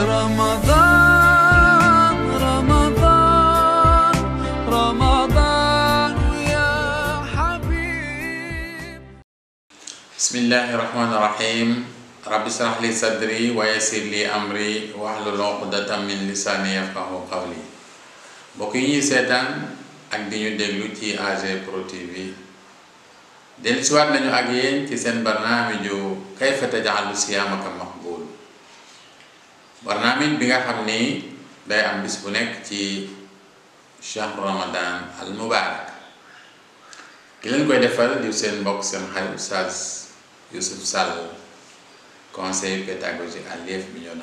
رمضان رمضان رمضان يا حبيب بسم الله الرحمن الرحيم رب اشرح لي صدري ويسر لي امري واحلل عقدة من لساني يفقهوا قولي mbokk yi ñuy seetaan ak di ñu déglu ci AG PROD TV dellusiwaat nañu ak yéen ci seen barnaamiju kayfa taj'alu siyaamaka barnaamij bi nga xam ni day am bis bu nekk ci shahru ramadan al mubarak ki leen koy defal di seen mbokk seen xarit Oustaz Youssouf Sall conseil pédagogique à Lyon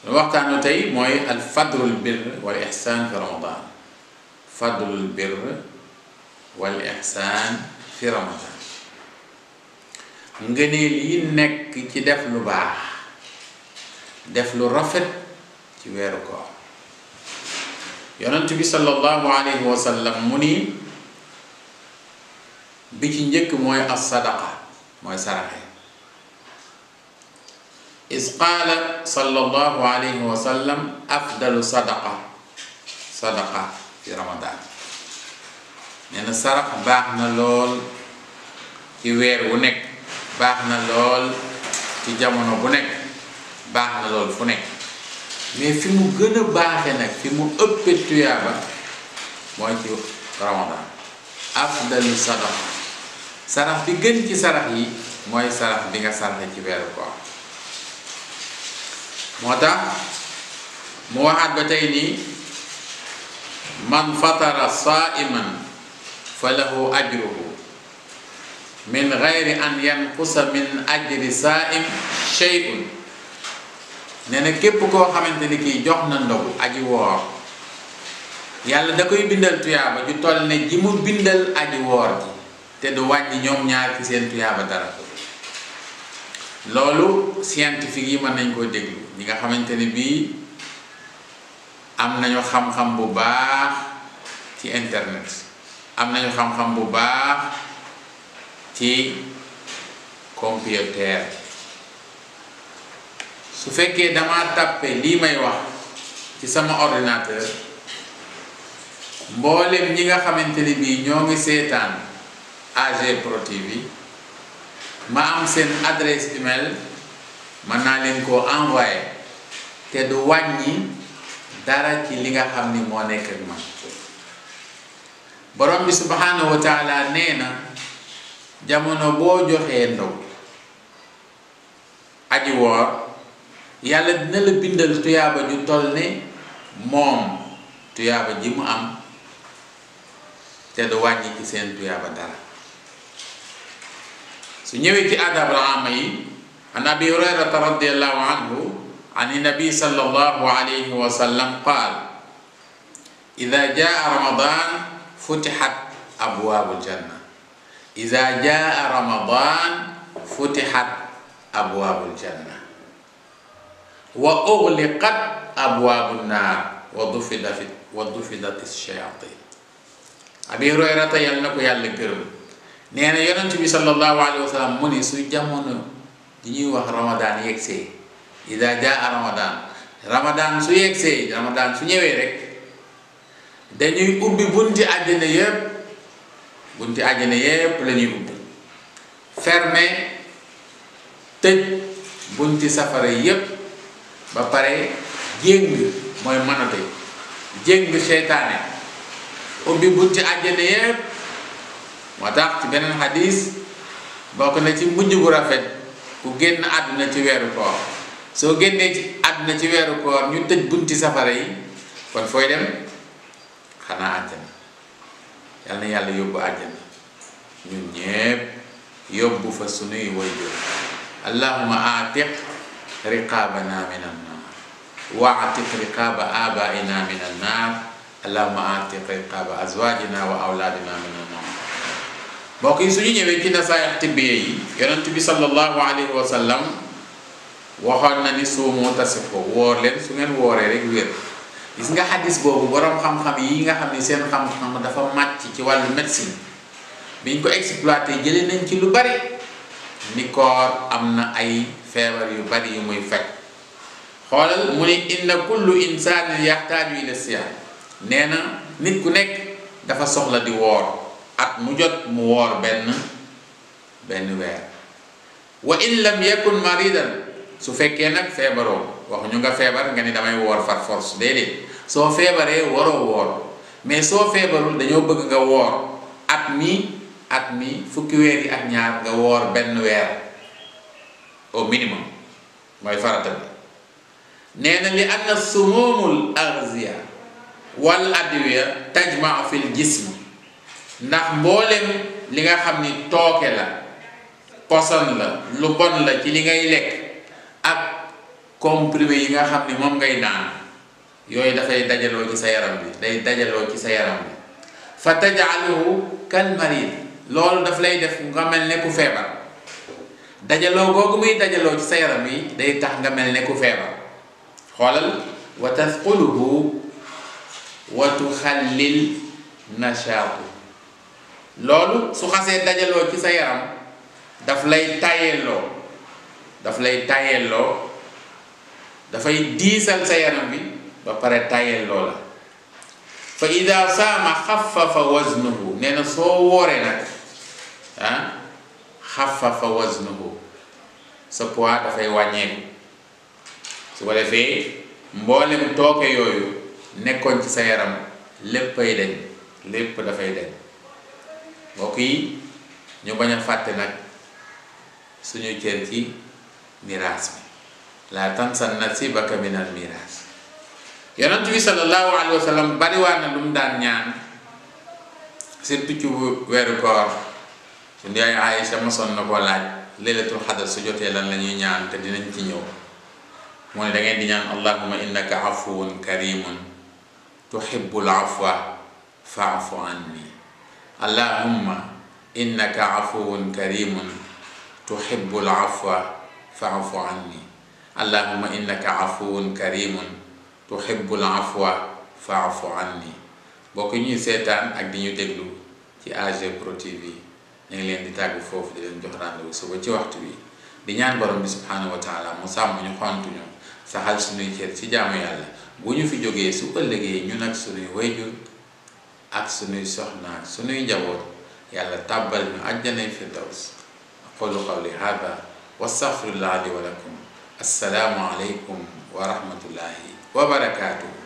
sunu waxtaanu tey mooy al fadlul birr wal ihsaan fi ramadan fadlul birr wal ihsaan fi ramadan ngëneel yi nekk ci def lu baax def lu rafet ci weeru koor yonent bi sallallahu alayhi wa mu ni bi ci njëkk mooy as sadaqa mooy saraxe is qaala sallallahu alayhi wa sallam afdalu sadaqa sadaqa ci ramadaan nee sarax baax na lool ci weer wu nekk baax na lool ci jamono bu nekk baax na loolu fu nekk mais fi mu gën a baaxee nag fi mu ëppee tuyaaba mooy ci ramadan afdalu sadax sarax bi gën ci sarax yi mooy sarax bi nga saraxe ci weeru koor moo tax mu waxaat ba tey nii man fatara saaiman fa lahu ajruhu min gayri an yanqusa min ajri saaim shay'un nee na képp koo xamante ni kii jox na ndogu aji woor yàlla da koy bindal tuyaaba ju toll ne ji mu bindal aji ji te du wàññi ñoom ñaar ci seen tuyaaba dara loolu scientifique yi mën nañ koo déglu ñi nga xamante ni bii am nañu xam-xam bu baax ci internet am nañu xam-xam bu baax ci computer su fekkee damaa tàppe lii may wax ci sama ordinateur mboolem ñi nga xamante ni bii ñoo ngi seetaan AG Pro TV ma am seen adresse email mën naa leen koo envoyé te du wàññi dara ci li nga xam ni moo nekk ak man borom bi subhanahu wa nee na jamono boo joxee ndaw aji yàlla dina la bindal tuyaaba ju toll ne moom tuyaaba ji mu am te du wàññi ci seen tuyaaba dara su ñëwee ci adab raama yi an abi hurayrata radiallahu anhu an nabi sallallahu alayhi wa sallam qaal ida jaa ramadan futixat abwaabul janna ida jaa ramadan futixat abwaabul janna wa ughliqat abwaabu naar wa dufida fi wa shayatin abi hurayrata na ko yàlla gërëm nee na yonent bi sallallahu alayhi wa mu ni su jamono di ñuy wax ramadaan yegsee ida ramadaan ramadaan su yegsee ramadaan su ñëwee rek dañuy ubbi bunti àjjana yépp bunti àjjana yépp la ubbi fermé tëj bunti safara yépp ba pare jéng mooy manatu jéng seytaane ubbi bunti àjjana yépp moo tax ci beneen xadis bokk na ci mujj bu rafet ku génn àdduna ci weeru koor soo génnee ci àdduna ci weeru koor ñu tëj bunti safara yi kon fooy dem xanaa àjjana yal na yàlla yóbbu àjjana ñun ñépp yóbbu fa sunuy wayjur allahuma atiq riqaabana min annaar waa atiq riqaaba abaina min annaar allahuma atiq riqaaba azwaajina wa awlaadina min annaar mbokk yi suñu ñëwee ci nasaayix tibbiyee yi yonent bi sallallahu alayhi wa sallam waxoon na ni suumu tasifo woor leen su ngeen wooree rek wér gis nga xadis boobu borom xam-xam yi nga xam ni seen xam-xam dafa màcc ci wàllu médecine biñ ko exploité jëlee nañ ci lu bari ni am na ay feebar yu bari yu muy faj xoolal mu ni inna kullu insaanin yaxtaaju ila siyaam nee na nit ku nekk dafa soxla di woor at mu jot mu woor benn benn weer wa in lam yakun maridan su fekkee nag feebaroo wax ñu nga feebar nga ni damay woor far force déedéet soo feebaree waroo woor mais soo feebarul dañoo bëgg nga woor at mi at mi fukki weer yi ak ñaar nga woor benn weer au minimum mooy farata nee na li anna sumumul aghziya wal adwiya tajmaa fil jism ndax mboolem li nga xam ni tooke la poson la lu bon la ci li ngay lekk ak comprimé yi nga xam ni moom ngay naan yooyu dafay dajaloo ci sa yaram bi day dajaloo ci sa yaram bi fa tajaluhu kal loolu daf lay def nga mel ne ku feebar dajaloo googu muy dajaloo ci sa yaram yi day tax nga mel ne ku feebar xoolal wa tasquluhu wa tuxallil nachaatu loolu su xasee dajaloo ci sa yaram daf lay tayelloo daf lay tayelloo dafay diisal sa yaram bi ba pare tayelloo la fa ida saama xafafa waznuhu nee na soo wooree nag ah xafafa waznuhu sa poids dafay wàññeeku su ko defee mboolem tooke yooyu nekkoon ci sa yaram léppay deñ lépp dafay deñ mbokk yi ñu bañ a fàtte nag suñu cër ci miraas mi la tansa nasibaka min al miraas yonent bi sallallahu alayhi wa sallam bariwaan na lu daan ñaan surtout ci weeru koor suñu yaay Aïcha mosoon na koo laaj laylatul xadar su jotee lan la ñaan te dinañ ci ñëw mu ne da ngeen di ñaan allahuma innaka afuwun karimun tuhibbul afwa faafu anni allahumma innaka afuwun karimun tuhibbul afwa faafu anni allahumma innaka afuwun karimun tuhibbul afwa faafu anni bokk ñuy seetaan ak di ñu déglu ci AG PRO ñu ngi leen di tàggu foofu di leen jox rendez-vous suba ci waxtu bi di ñaan borom bi subhaanahu wa mu sàmm ñu xontuñu saxal suñuy cër ci jaamu yàlla bu ñu fi jógee su ëllëgee ñun ak suñuy wayjur ak suñuy soxna ak suñuy njaboot yàlla tàbbal ñu àjjanay firdaws aqulu qawli hada wa astaghfirullah li wa lakum assalaamu aleykum wa rahmatullahi